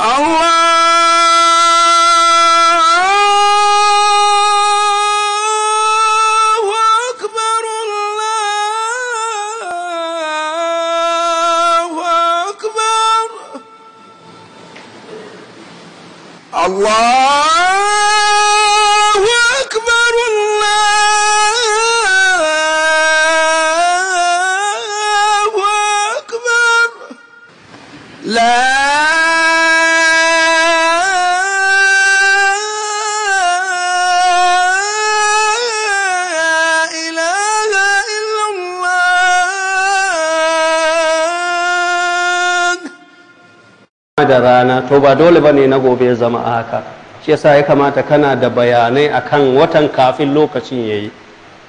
أو rana to ba dole ba ne na gobe ya zama a haka shi yasa ya kamata kana da bayanai akan watan kafin lokacin ya yi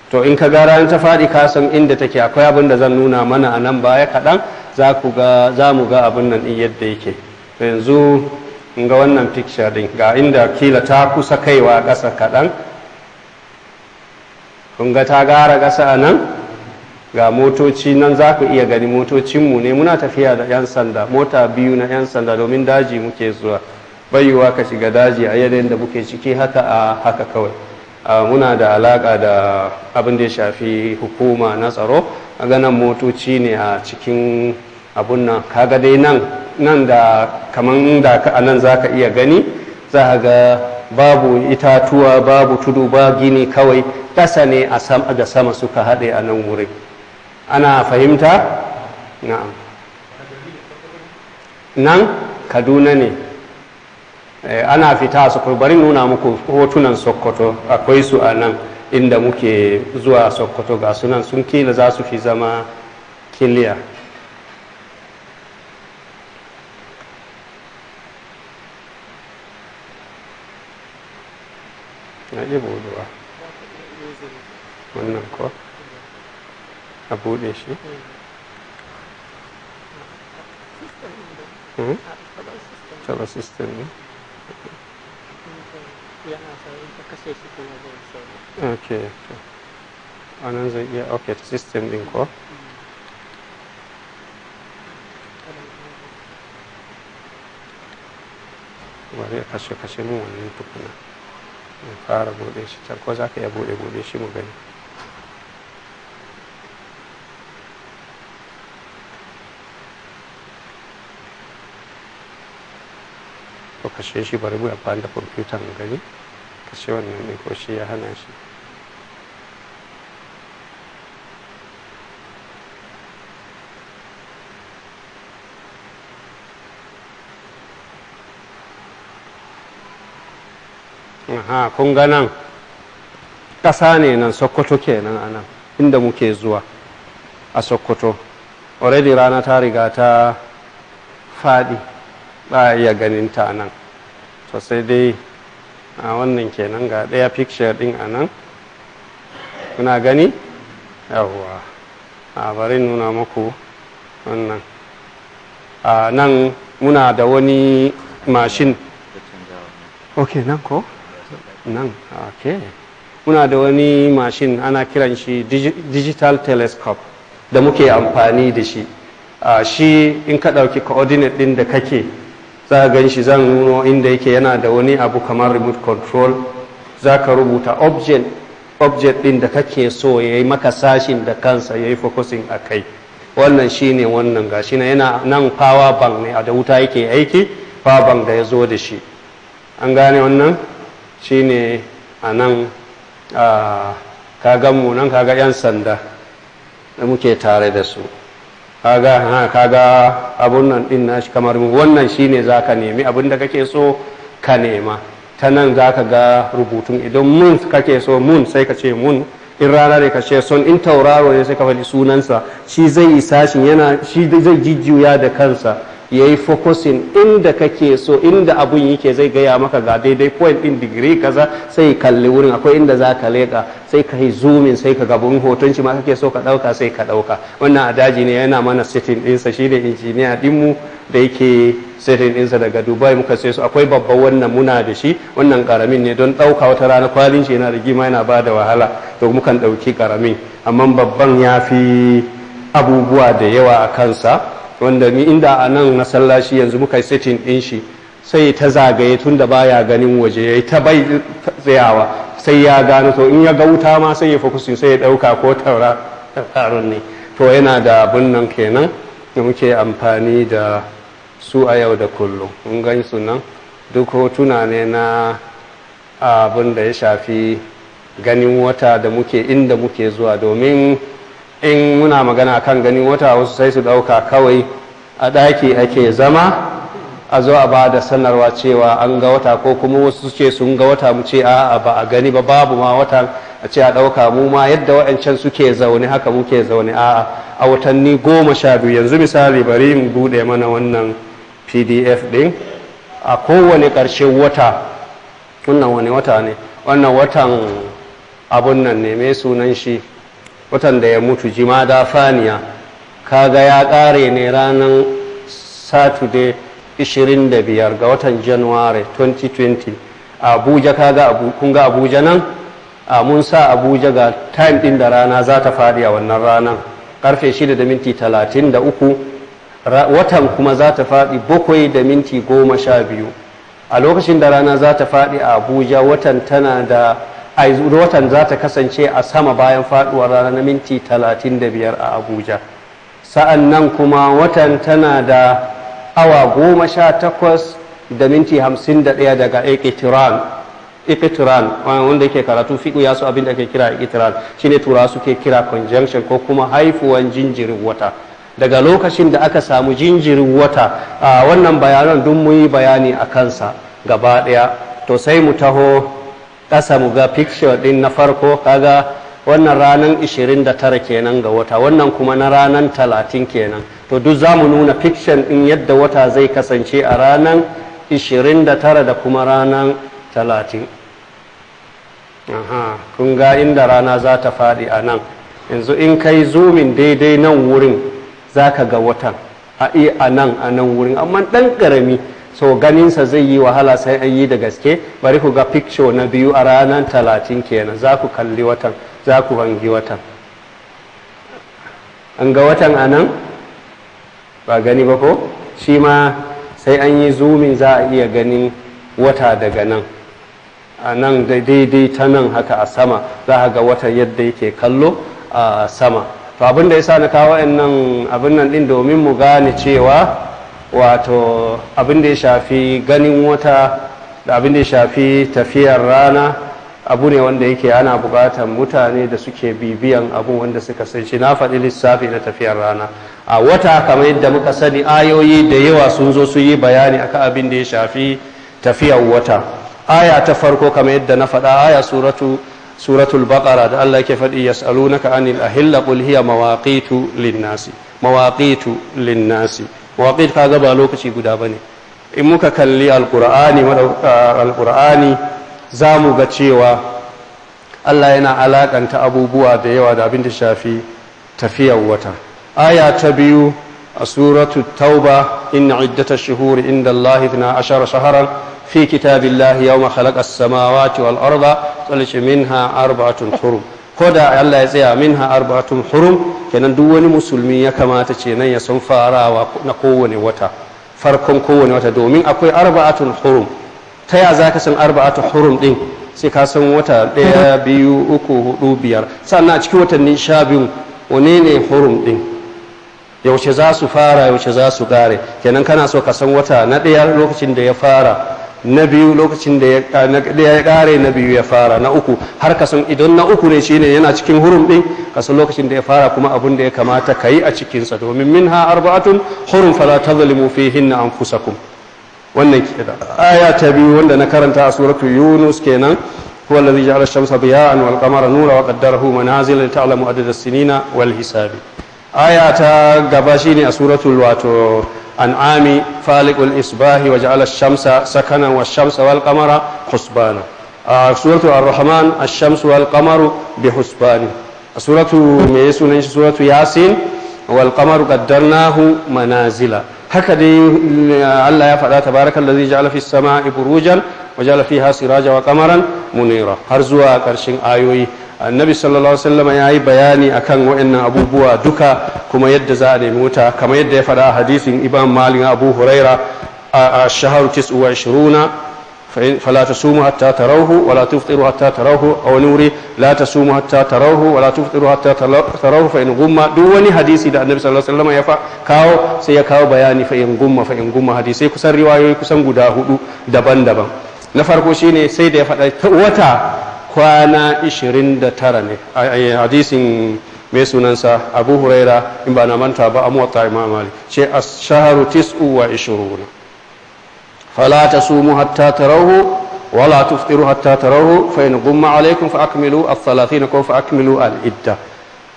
to in ka ga ranar ta faɗi kasan san inda take akwai abin da zan nuna mana a nan baya kaɗan za ku ga za mu ga abin nan ɗin yadda yake to yanzu in ga wannan picture din ga inda kila ta kusa kaiwa ƙasa kaɗan kun ga ta gara ƙasa a nan ga motoci nan za ku iya gani motocinmu ne muna tafiya da 'yan sanda mota biyu na 'yan sanda domin daji muke zuwa bayuwa ka shiga daji a yanayin da muke ciki haka a haka kawai muna da alaka da abin da ya shafi hukuma na tsaro a ganin motoci ne a cikin abun nan kaga dai nan nan da kaman da a nan za ka iya gani za a ga babu itatuwa babu tudu ba gini kawai ƙasa ne a sama suka haɗe a nan wurin ana fahimta na'am nan kaduna ne eh, ana fita a sokoto bari nuna muku hotunan sokoto akwai su a nan inda muke zuwa sokoto ga sunan sun kila za su fi zama kiliya na wannan ko a buɗe shi taba hmm? system ne ok a nan zai iya ok ta system ɗin ko bari a kashe kashe mun wannan tukuna ya fara buɗe shi ko za ka iya buɗe buɗe shi mu gani to kashe shi bari mu amfani da kwamfutan gari kashe wannan ne ko shi ya hana shi ha kun ganan ƙasa ne nan sokoto kenan a nan inda muke zuwa a sokoto already rana ta riga ta faɗi ba a iya ganin ta nan to sai dai a wannan kenan ga ɗaya picture ɗin a nan kuna gani yawwa a bari nuna muku wannan a nan muna da wani mashin ok nan ko nan ok muna da wani mashin ana kiran shi digital telescope da muke amfani da shi shi in ka ɗauki coordinate ɗin da kake za a gan shi zan nuno inda yake yana da wani abu kamar remote control za ka rubuta object ɗin da kake so ya yi maka sashin da kansa ya yi focusing a kai wannan shi ne wannan gashi na yana nan power bank ne a da wuta yake aiki power bank da ya zo da shi an gane wannan shi ne a nan kagan mu nan kaga 'yan sanda da muke tare da su kaga ha kaga abun nan din nashi kamar mu wannan shine zaka nemi abin da kake so ka nema ta nan zaka ga rubutun idan mun kake so mun sai ka ce mun in rana ne ka ce son in tauraro ne sai ka faɗi sunansa shi zai yi sashin yana shi zai jijjuya da kansa ya yi focusin inda kake so inda abun yake zai gaya maka ga daidai point din digiri kaza sai kalli wurin akwai inda za ka leka sai ka yi zoomin sai ka gabon hoton shi ma kake so ka ɗauka sai ka ɗauka wannan a daji ne yana mana sitin ɗinsa shi ne injiniya ɗinmu da yake setting ɗinsa daga dubai muka sai su akwai babban wannan muna da shi wannan karamin ne don ɗauka wata rana kwalin shi yana da gima yana ba da wahala to mukan ɗauki karamin amma babban ya fi abubuwa da yawa a kansa wanda ni inda a nan masallaci yanzu muka yi sitin ɗin shi sai ta zagaye tun da baya ganin waje ya ta bai tsayawa sai ya gano to in ya ga wuta ma sai ya fokusin sai ya ɗauka ko taura ne to yana da abin nan kenan da muke amfani da su a yau da kullum in gan su nan duk hotuna ne na abin da ya shafi ganin wata da muke inda muke zuwa domin in muna magana kan ganin wata wasu sai su ɗauka kawai a ɗaki ake zama a zo a ba da sanarwa cewa an ga wata ko kuma wasu ce sun ga wata mu ce a ba a gani ba babu ma wata a ce a ɗauka mu ma yadda wa'ancan suke zaune haka muke zaune a a watanni goma sha biyu yanzu misali bari in buɗe mana wannan pdf ɗin a kowane ƙarshen wata wannan wani wata ne wannan watan abun nan ne mai sunan shi watan da ya mutu jima da faniya kaga ya kare ne ranar saturday 25 ga watan january 2020 abuja kaga kun ga abuja nan a mun sa abuja ga time din da rana za ta faɗi a wannan ranar karfe 6 da minti 33 watan kuma za ta fadi 7 da minti 12 a lokacin da rana za ta fadi a abuja watan tana da a watan za ta kasance a sama bayan faduwar rana na minti 35 a abuja sa'an nan kuma watan tana da awa goma sha takwas da minti hamsin da ɗaya daga ikitiran wanda yake karatu fiɗu ya su abin da ake kira ikitiran shine tura suke kira conjunction ko kuma haifuwan jinjirin wata daga lokacin da aka samu jinjirin wata a wannan bayanan duk muyi bayani a kansa gaba ɗaya to sai mu taho ƙasa mu ga picture ɗin na farko kaga wannan ranar 29 kenan ga wata wannan kuma na ranar 30 kenan to duk za mu nuna fiction ɗin yadda wata zai kasance a ranar 29 da kuma ranar 30 aha kun ga inda rana za ta faɗi a nan yanzu in kai zumin daidai nan wurin za ka ga watan a nan a nan wurin amma ɗan ƙarami so ganinsa zai yi wahala sai an yi da gaske bari ku ga picture na biyu a ranar talatin kenan za ku kalli watan za ku hangi watan an ga watan a nan ba gani ba ko shi ma sai an yi zumin za a iya ganin wata daga nan a nan daidai ta nan haka a sama za a ga watan yadda yake kallo a sama to abin da ya sa na kawo nan abin nan din domin mu gane cewa wato abin da ya shafi ganin wata da abin da ya shafi tafiyar rana abu ne wanda yake ana bukatar mutane da suke bibiyan abu wanda suka san shi na faɗi lissafi na tafiyar rana a wata kamar yadda muka sani ayoyi da yawa sun zo su yi bayani akan abin da ya shafi tafiyar wata aya ta farko kamar yadda na faɗa aya suratu suratul baqara da Allah yake faɗi yas'alunaka anil ahilla qul hiya mawaqitu lin-nasi mawaqitu lin-nasi waqid kaga ba lokaci guda bane in muka kalli alqur'ani alqur'ani za mu ga cewa Allah yana alakanta abubuwa da yawa da abin da shafi tafiyar wata aya ta biyu a suratu tauba in iddata shuhuri inda Allah na ashara shaharan fi kitabillahi yawma khalaqa as-samawati wal arda tsalishi minha arba'atun hurum ko da Allah ya tsaya ha arba'atun hurum kenan duk wani musulmi ya kamata ce nan ya san farawa na kowane wata farkon kowane wata domin akwai arba'atun hurum ta ya zaka san arba'atun hurum din sai ka san wata ɗaya biyu uku hudu biyar sannan a cikin watanni sha biyu wane ne hurum din yaushe za su fara yaushe za su gare? kenan kana so ka san wata na ɗaya lokacin da ya fara na biyu lokacin da ya kare na biyu ya fara na uku har ka idan na uku ne shine yana cikin hurum ɗin kasan lokacin da ya fara kuma abin da ya kamata ka yi a cikinsa domin min ha arba'atun hurum fala tazlimu fihinna anfusakum wannan da. aya ta biyu wanda na karanta a suratu yunus kenan هو da جعل الشمس ضياء والقمر نورا وقدره منازل لتعلموا عدد السنين والحساب a an'ami falikul isbahi wa ja'ala shamsa sakanan wa shamsa wal qamara husbana suratu ar-rahman shamsu wal qamaru bi husbani suratu me sunan shi suratu yasin wal qamaru qaddarnahu manazila haka dai Allah ya faɗa tabarakallazi ja'ala fis sama'i burujan wa ja'ala fiha sirajan wa qamaran har zuwa ƙarshen ayoyi annabi sallallahu alaihi wasallam ya yi bayani akan waɗannan abubuwa duka kuma yadda za a nemi wuta kamar yadda ya faɗa a hadisin ibn malik abu huraira a shaharu 29 فلا تصوموا حتى تروه ولا تفطروا حتى تروه او نوري لا تصوموا حتى تروه ولا تفطروا حتى تروه فان غم duk wani hadisi da annabi sallallahu alaihi wasallam ya fa kawo sai ya kawo bayani fa in gumma fa in gumma hadisi kusan riwayoyi kusan guda hudu daban-daban na farko shine sai da ya faɗa wata كوانا إشرين دترني أي حديث مسونان أبو هريرة إن بنا من تابا أمو طايم أمالي شيء الشهر تسع وعشرون فلا تصوموا حتى تروه ولا تفطروا حتى تروه فإن غم عليكم فأكملوا الثلاثين كوف أكملوا الإدة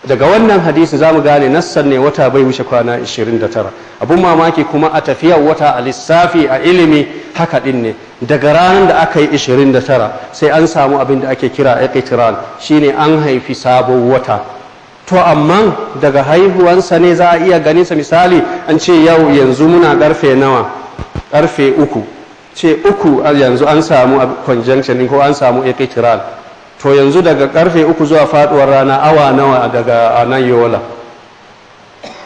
daga wannan hadisi za mu gane nassan ne wata bai wuce kwana 29 abun mamaki kuma a tafiyar wata a lissafi a ilimi haka din ne daga ranar da aka yi 29 sai an samu abin da ake kira shi shine an haifi sabon wata to amma daga haihuwansa ne za a iya ganinsa misali an ce yau yanzu muna karfe nawa karfe uku ce uku yanzu an samu conjunction ko an samu iqtiran to yanzu daga karfe uku zuwa faduwar rana awa nawa daga nan yola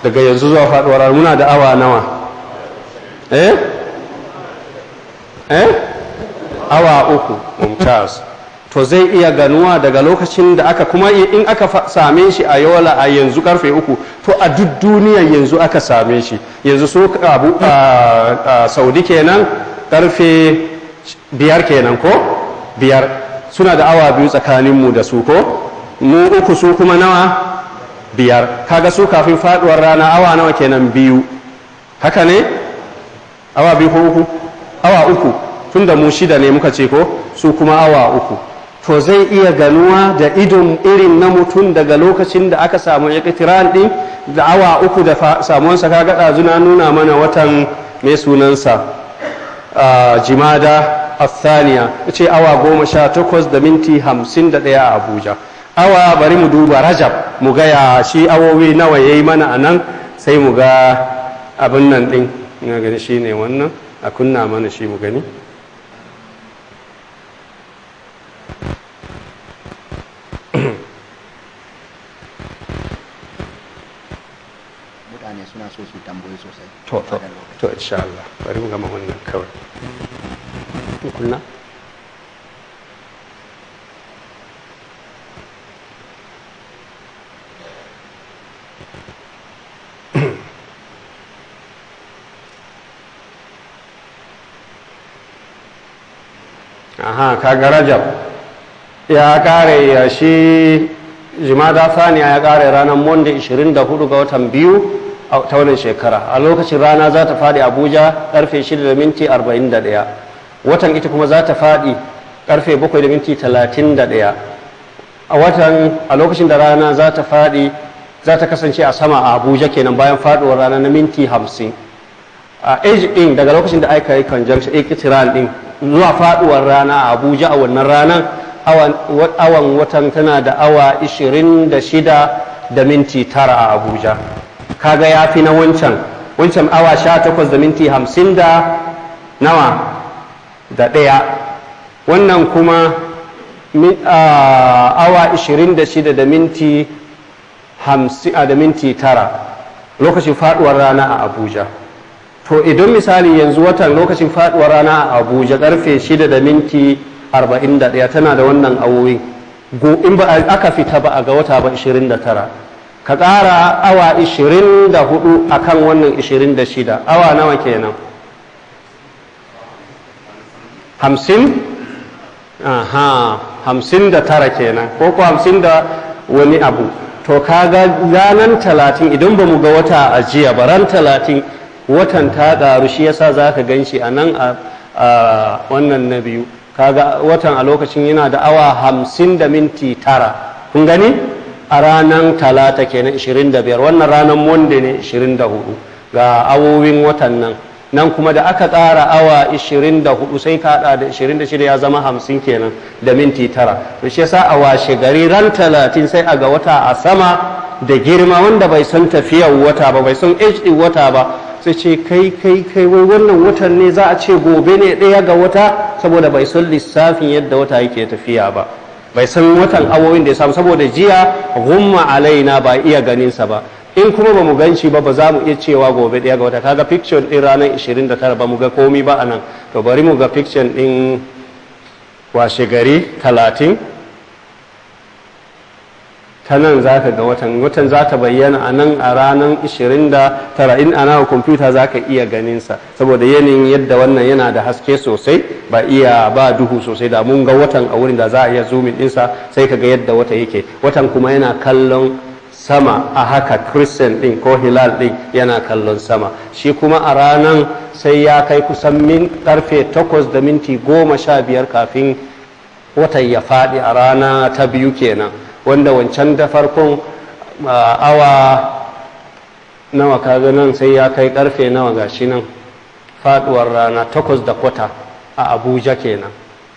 daga yanzu zuwa faduwar rana muna da awa nawa eh eh awa uku mumtaz to zai iya ganuwa daga lokacin da aka kuma in aka same shi a yola a yanzu karfe uku to a duk duniya yanzu aka same shi yanzu su abu a saudi kenan karfe biyar kenan ko biyar suna da awa biyu tsakaninmu da su ko mu uku su kuma nawa biyar kaga su kafin faduwar rana awa nawa kenan biyu haka ne awa biyu ko uku awa uku tun da mu shida ne muka ce ko su kuma awa uku to zai iya ganuwa da idon irin na mutum daga lokacin da aka samu ikitiran din da awa uku da samuwansa ka ɗazuna nuna mana watan mai sunansa ah, jimada الثانية ce awa goma sha takwas da minti hamsin da ɗaya a abuja awa bari mu duba rajab mu ga ya shi awowi nawa ya yi mana a nan sai mu ga abin nan ɗin ina gani shi ne wannan a kunna mana shi mu gani mutane suna so su tambayi sosai to to to insha Allah bari mu gama wannan kawai kaga rajab ya kare ya shi jimada saniya ya kare ranar monday 24 ga watan biyu a taunin shekara a lokacin rana za ta fadi abuja karfe 6 da minti 41 watan ita kuma za ta faɗi ƙarfe 7.31 da minti a watan a lokacin da rana za ta faɗi za ta kasance a sama a abuja kenan bayan faɗuwar rana na minti 50 a age ɗin daga lokacin da aka yi conjunction ikitiran ɗin zuwa faɗuwar rana a abuja a wannan ranar awan watan tana da awa 26 da minti 9 a abuja kaga ya fi na wancan wancan awa 18 da minti 50 da nawa da ɗaya wannan kuma awa 26 da minti 50 da minti 9 lokacin faduwar rana a abuja to idan misali yanzu watan lokacin faduwar rana a abuja karfe 6 da minti 41 tana da wannan awowi in ba aka fita ba a ga wata ba 29 ka ƙara awa 24 akan wannan 26 awa nawa kenan hamsin aha hamsin da tara kenan ko ko hamsin da wani abu to kaga ranar talatin idan ba mu ga wata a jiya ba ran talatin watan ta ƙaru shi yasa za ka gan shi a nan a wannan na biyu kaga watan a lokacin yana da awa hamsin da minti tara kun gani a ranar talata kenan 25 wannan ranar monday ne 24 ga awowin watan nan nan kuma da aka tsara awa 24 sai kaɗa da 26 ya zama 50 kenan da minti tara to shi yasa a washe gari ran 30 sai a ga wata a sama da girma wanda bai san tafiyar wata ba bai san HD wata ba sai ce kai kai kai wai wannan watan ne za a ce gobe ne ɗaya ga wata saboda bai san lissafin yadda wata yake tafiya ba bai san watan awowin da ya samu saboda jiya gumma alaina ba iya ganinsa ba in kuma ba mu gan shi ba ba za mu iya cewa gobe ɗaya ga wata kaga picture ɗin ranar 29 ba mu ga komi ba a nan to bari mu ga picture ɗin washe gari 30 ta nan za ka ga watan watan za ta bayyana a nan a ranar 29 in ana kwamfuta za ka iya sa saboda yanayin yadda wannan yana da haske sosai ba iya ba duhu sosai da mun ga watan a wurin da za a iya zoomin ɗinsa sai ka ga yadda wata yake watan kuma yana kallon sama a haka christian din ko hilal din yana kallon sama shi kuma a ranar sai ya kai kusan min karfe takwas da minti goma sha biyar kafin watan ya faɗi a rana ta biyu kenan wanda wancan da farkon awa nawa kaga nan sai ya kai karfe nawa gashi nan faduwar rana takwas da kwata a abuja kenan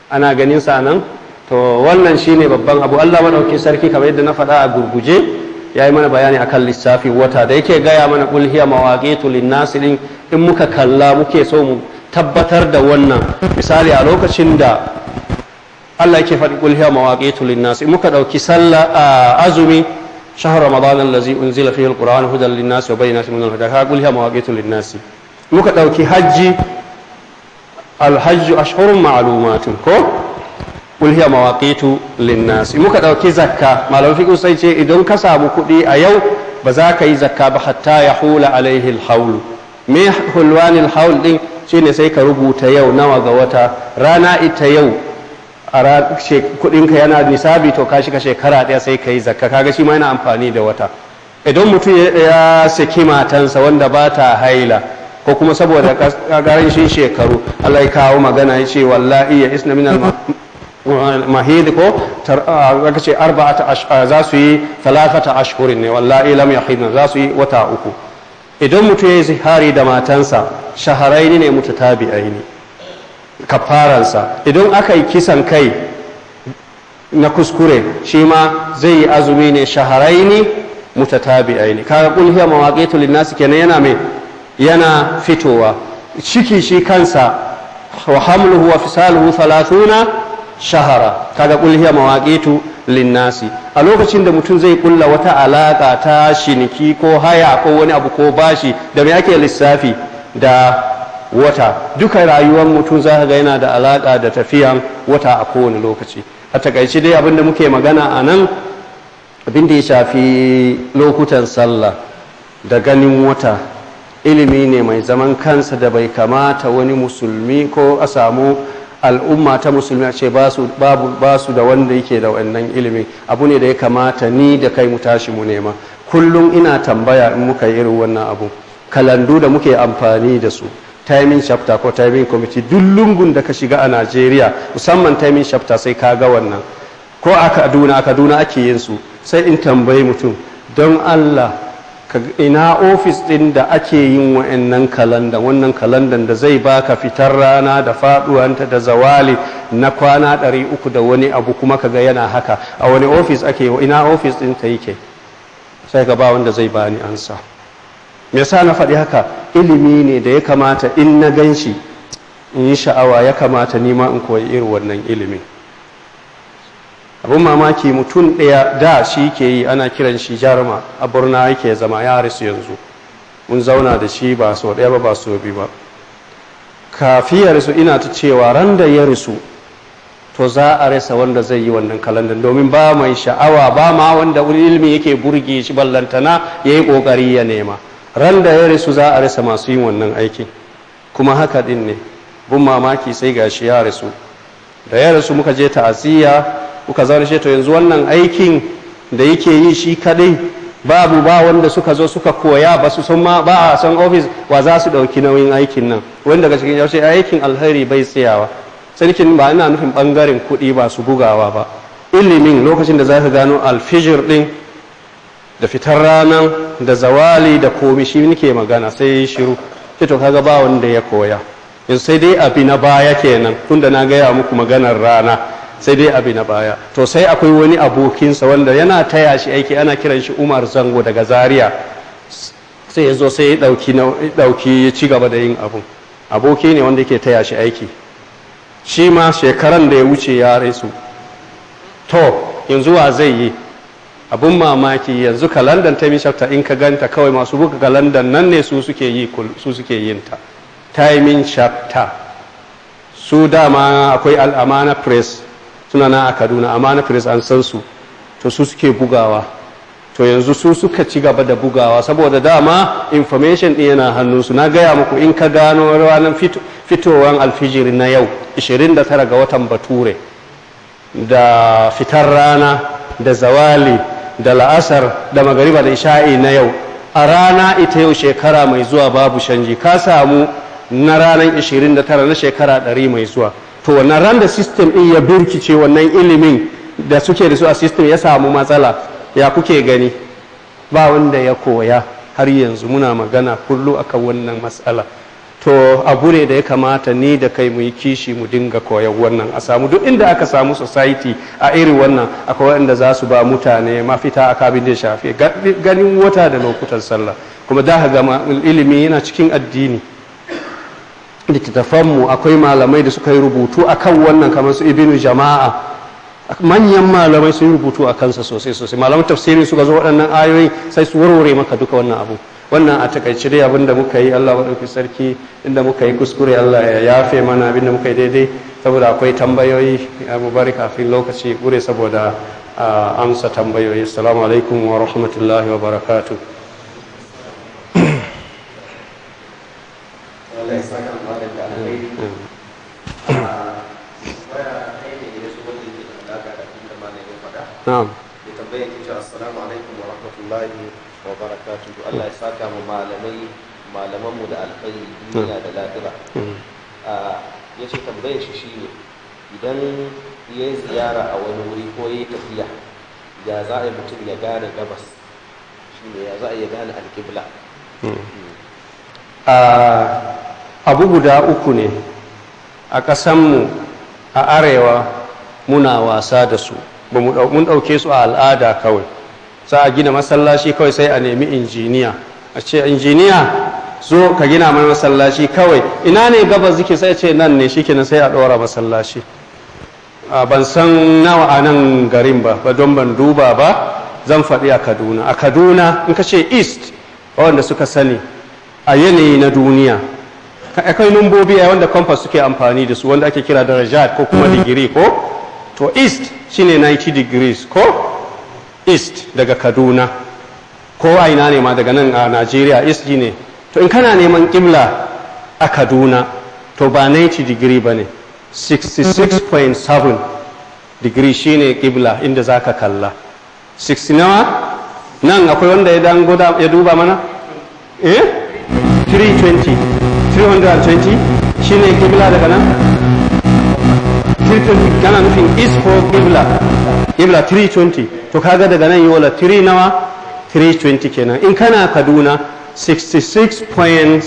ana ganin sa nan to wannan shine babban abu allah maɗauki sarki kamar yadda na faɗa a gurguje ya yi mana bayani a kan lissafi wata da yake gaya mana kul mawaƙetu linnasi in muka kalla muke so mu tabbatar da wannan misali a lokacin da Allah yake faɗi kul mawaƙetu linnasi muka ɗauki sallah azumi shahar ramadan allazi unzila fihi alquran hudan linnasi wa bayyinatin min alhuda kul hiya mawaqitu linnasi muka ɗauki hajji alhajju ashhurun ma'lumatun ko kul hiya mawaqitu muka dauki zakka malamin fiqh sai ce idan ka samu kuɗi a yau ba za ka yi zakka ba hatta ya hula alaihi alhawl me hulwanil hawl din shine sai ka rubuta yau nawa ga wata rana ita yau a kudinka yana nisabi to ka shiga shekara ɗaya sai ka yi zakka kaga shi ma yana amfani da wata idan mutum ya saki matansa wanda ba ta haila ko kuma saboda kagarin shekaru Allah ya kawo magana ya ce wallahi ya isna al Mahiliko ko zaka ah, ce arba'ata ah, za su yi talafata ashhurin ne wallahi lam yahidna za su yi wata uku idan mutu ya yi zihari da matansa shaharaini ne mutatabi'aini kafaransa idan aka yi kisan kai na kuskure shi ma zai yi azumi ne shaharaini mutatabi'aini kaga kul hiya mawaqitu linnasi kenan yana mai yana fitowa ciki shi kansa wa hamluhu wa fisaluhu shahara kaga ga hiya mawaƙetu linnasi a lokacin da mutum zai kulla wata alaƙa ta shiniki ko haya ko wani abu ko bashi da me ake lissafi da wata duka rayuwar mutum za ka ga yana da alaka da tafiyan wata a kowane lokaci a takaici dai abin da muke magana a nan abin da ya shafi lokutan sallah da ganin wata ilimi ne mai zaman kansa da bai kamata wani musulmi ko a samu al'umma ta musulmi ce ba su da wanda yake da wannan ilimin abu ne da ya kamata ni da kai mu tashi mu nema kullum ina tambaya in muka yi irin wannan abu kalandu da muke amfani da su timing chapter ko timing committee duk lungun da ka shiga a najeriya musamman timing chapter sai ka ga wannan ko a kaduna a kaduna ake yin su sai in tambayi mutum don allah ina ofis ɗin da ake yin wa'annan kalanda wannan kalandan da zai baka fitar rana da faɗuwanta da zawali na kwana ɗari uku da wani abu kuma kaga yana haka a wani ofis ake ina ofis ɗin ta yake sai ga ba wanda zai bani ansa me yasa na faɗi haka ilimi ne da ya kamata in na gan shi in yi sha'awa ya kamata nima in koyi irin wannan ilimin abin mamaki mutum ɗaya da shi ke yi ana kiran shi jarma a burna yake zama ya rasu yanzu mun zauna da shi ba so ɗaya ba ba so bi ba kafi ya ina ta cewa ran da ya rasu to za a rasa wanda zai yi wannan kalandar domin ba mai sha'awa ba ma wanda wani ilmi yake burge shi ballantana ya yi ƙoƙari ya nema ran da ya rasu za a rasa masu yin wannan aikin kuma haka ɗin ne bin mamaki sai gashi ya rasu da ya rasu muka je ta'aziyya kuka zaune shi to yanzu wannan aikin da yake yi shi kadai babu ba wanda suka zo suka koya ba su sun ma ba a san ofis wa za su ɗauki nauyin aikin nan wanda daga cikin yaushe aikin alheri bai tsayawa sarkin ba ina nufin bangaren kuɗi ba su bugawa ba ilimin lokacin da za ka gano alfijir din da fitar ranar da zawali da komi shi nake magana sai shiru ce to kaga ba wanda ya koya yanzu sai dai abi na baya kenan tunda na gaya muku maganar rana sai dai abu na baya to sai akwai wani abokinsa wanda yana taya shi aiki ana kiran shi umar zango daga zaria sai ya zo sai ya ɗauki ya ci gaba da yin abu aboki ne wanda yake taya shi aiki shi ma shekaran da ya wuce ya resu to yanzu wa zai yi abin mamaki yanzu kalandan ta in ka ganta kawai masu buga london nan ne su suke yi su suke yin ta timing chapter su dama akwai al'amana press suna na a kaduna amma na firis an san su to su suke bugawa to yanzu su suka ci gaba da bugawa saboda dama information ɗin yana hannunsu na gaya muku in ka gano ranar fitowar alfijiri na yau 29 ga watan bature da fitar rana da zawali da la'asar da magariba da isha'i na yau a rana ita yau shekara mai zuwa babu shanji ka samu na ranar 29 na shekara 100 mai zuwa to wannan ran da system din ya birkice wannan ilimin da suke da su a system ya samu matsala ya kuke gani ba wanda ya koya har yanzu muna magana kullu akan wannan matsala to abu ne da ya kamata ni da kai mu yi kishi mu dinga koyan wannan a samu duk inda aka samu society a irin wannan akwai wanda za su ba mutane mafita a kabin da shafi ganin wata da lokutan sallah kuma da ga ilimi yana cikin addini littattafanmu akwai malamai da suka yi rubutu a kan wannan kamar su ibinu jama'a manyan malamai sun yi rubutu a kansa sosai sosai malamai tafsirin suka zo waɗannan ayoyi sai su warware maka duka wannan abu wannan a takaice dai abinda da muka yi Allah maɗauki sarki inda muka yi kuskure Allah ya yafe mana abinda da muka yi daidai saboda akwai tambayoyi ya bari kafin lokaci gure saboda ah, amsa tambayoyi assalamu alaikum wa rahmatullahi wa barakatuh نعم ya tambaya ki ce ya saka mu malamai malaman mu da alkhairi duniya da mm. ah, idan ya yi ziyara a wani wuri ko ya yi gane gabas alkibla mm. mm. ah, abu guda uku ne a ƙasanmu a arewa muna wasa da su ba mu ɗauke su a al'ada kawai Za a gina masallaci kawai sai a nemi injiniya a ce injiniya zo ka gina mai masallaci kawai ina ne gabas zike sai ce nan ne shi sai a ɗora masallaci ban san nawa a nan garin ba ba don ban duba ba zan faɗi a kaduna a kaduna in ka ce east wanda suka sani a yanayi na duniya akwai numbobi a wanda compass suke amfani da su wanda ake kira darajat ko kuma digiri ko to east shine 90 degrees ko east daga kaduna ko a ina ne ma daga nan a najeriya east ne to in kana neman kimla a kaduna to ba 90 degree ba ne 66.7 degree shine kibla inda za ka kalla 60 nawa nan akwai wanda ya duba mana eh 320 320 shine kibla daga nan 320 kana nufin is for ibla ibla 320 to kaga daga nan yola 3 nawa 320 kenan in kana kaduna 66.7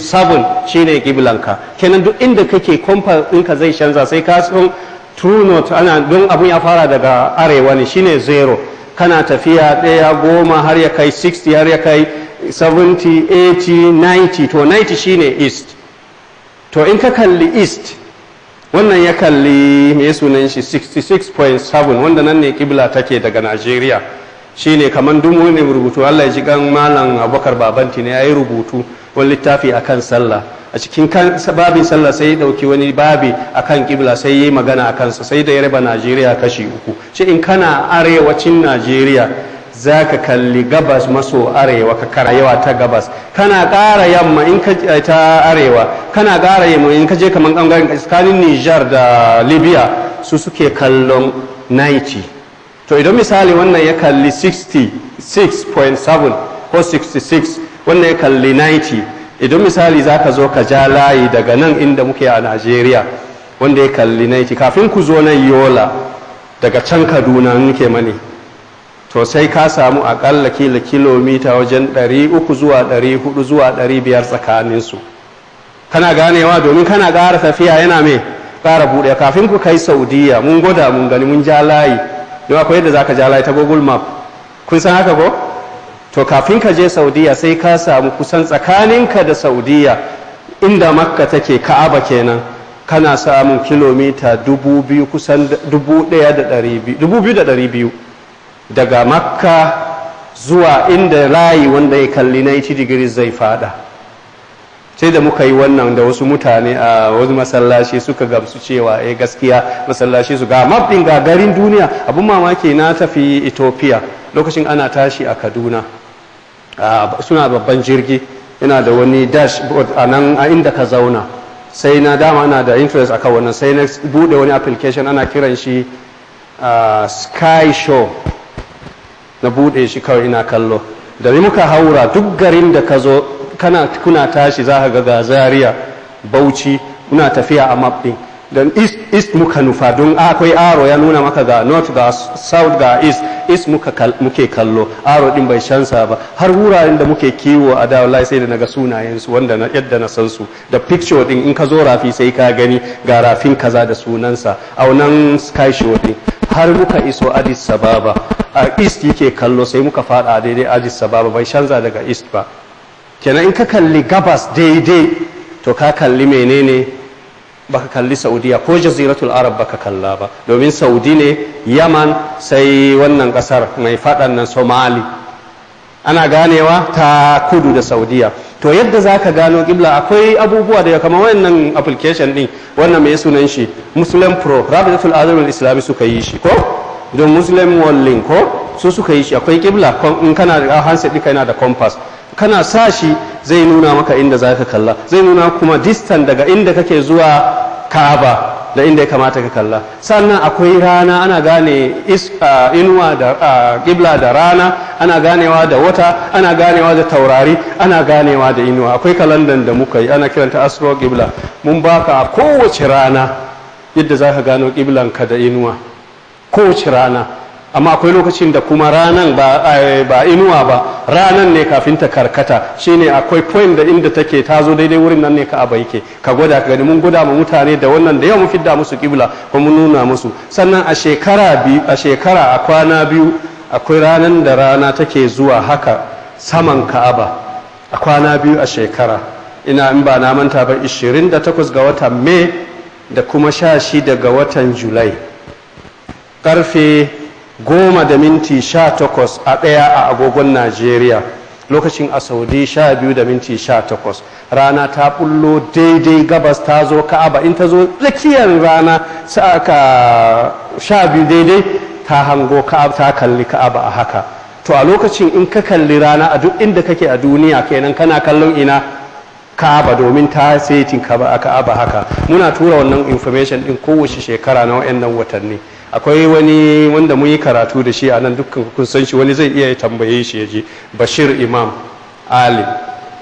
shine qiblanka kenan duk inda kake compass ɗinka zai canza sai ka san true note ana don abun ya fara daga arewa ne shine zero kana tafiya ɗaya goma har ya kai 60 har ya kai 70 80 90 to 90 shine east to in ka kalli east wannan ya kalli mai sunan shi 66.7 wanda nan ne kibla take daga najeriya shine kamar duk ne rubutu allah ya ji gan malam abokar babanti ne ya yi rubutu wani littafi a kan sallah a cikin babin sallah sai ya dauki wani babi a kan kibla sai ya yi magana a kansa sai da ya raba najeriya kashi uku shi in kana arewacin najeriya za ka kalli gabas maso arewa ka yawa ta gabas kana ƙara yamma in ka eh, ta arewa kana ƙara yamma in ka je kamar ɓangaren tsakanin nijar da libya su suke kallon 90 to idan misali wannan ya kalli 66.7 ko 66 wannan ya kalli 90 idan misali za ka zo ka ja layi daga nan inda muke a najeriya wanda ya kalli 90 kafin ku zo nan yola daga can kaduna nake mani to sai ka samu akalla kila kilomita wajen 300 zuwa 400 zuwa 500 tsakaninsu kana ganewa domin kana ƙara tafiya yana mai ƙara buɗe kafin ku kai saudiya mun gwada mun gani mun ja layi yau akwai yadda za ka ja layi ta google map kun san haka ko to kafin ka je saudiya sai ka samu kusan tsakaninka da saudiya inda makka take ka'aba kenan kana samun kilomita dubu biyu kusan dubu ɗaya da ɗari biyu daga makka zuwa inda layi wanda ya kalli 90 degrees zai fada sai da muka yi wannan da wasu mutane a wasu masallaci suka gamsu cewa eh gaskiya masallaci su ga din ga garin duniya abun mamaki na tafi ethiopia lokacin ana tashi a kaduna suna babban jirgi yana da wani dashboard a nan a inda ka zauna sai na dama ana da interest akan wannan sai na bude wani application ana kiran shi sky show na buɗe shi kawai ina kallo da ni muka haura duk garin da ka zo kana kuna tashi za ka ga Zariya bauchi kuna tafiya a map din dan east, east muka nufa don akwai aro ya nuna maka ga north ga south ga east east muka muke kallo aro din bai shansa ba har wuraren da muke kiwo a da wallahi sai da naga sunayen su wanda na yadda na san su da picture din in ka zo rafi sai ka gani ga rafin kaza da sunansa a wannan sky show din har muka iso addis ababa a east yake kallo sai muka fada daidai addis ababa bai canza daga east ba kenan in ka kalli gabas daidai to ka kalli menene baka kalli saudiya ko jaziratul arab baka kalla ba domin saudi ne yaman sai wannan kasar mai faɗan nan somali ana ganewa ta kudu da saudiya to yadda za ka gano kibla akwai abubuwa da ya kama wannan application din wannan mai sunan shi muslim pro rabitul azamul islami suka yi shi ko don muslim wallin ko su suka yi shi akwai kibla in kana da handset ɗin yana da compass kana sa shi zai nuna maka inda za ka kalla zai nuna kuma distance daga inda kake zuwa kaaba da inda ya kamata ka kalla sannan akwai rana ana gane inuwa da ƙibla da rana ana ganewa da wata ana ganewa da taurari ana ganewa da inuwa akwai kalandan da muka yi ana kiranta astro ƙibla mun baka kowace rana yadda za ka gano ƙiblanka da inuwa kowace rana amma akwai lokacin da kuma ranan eh, ba inuwa ba ranan ne kafin ta karkata shine akwai point da inda take ta zo daidai wurin nan ne ka aba yake ka gwada ka gani mun gwada ma mutane da wannan da yau mun fidda musu kibla ko mun nuna musu sannan a shekara a shekara a kwana biyu akwai ranan da rana take zuwa haka saman ka'aba a kwana biyu a shekara ina in ba na manta ba 28 ga watan mai da kuma sha 16 ga watan julai karfe goma da minti sha takwas a ɗaya a agogon najeriya lokacin a saudi sha biyu da minti sha takwas rana ta bullo daidai gabas ta zo ka'aba in ta zo tsakiyar rana aka sha biyu daidai ta hango ka'aba ta kalli ka'aba a haka to a lokacin in ka kalli rana a duk inda kake a duniya kenan kana kallon ina ka'aba domin ta setin ka'aba haka muna tura wannan information din kowace shekara na wayannan watanni akwai wani wanda mun yi karatu da shi a nan dukkan kun shi wani zai iya tambaye shi ya ji bashir imam ali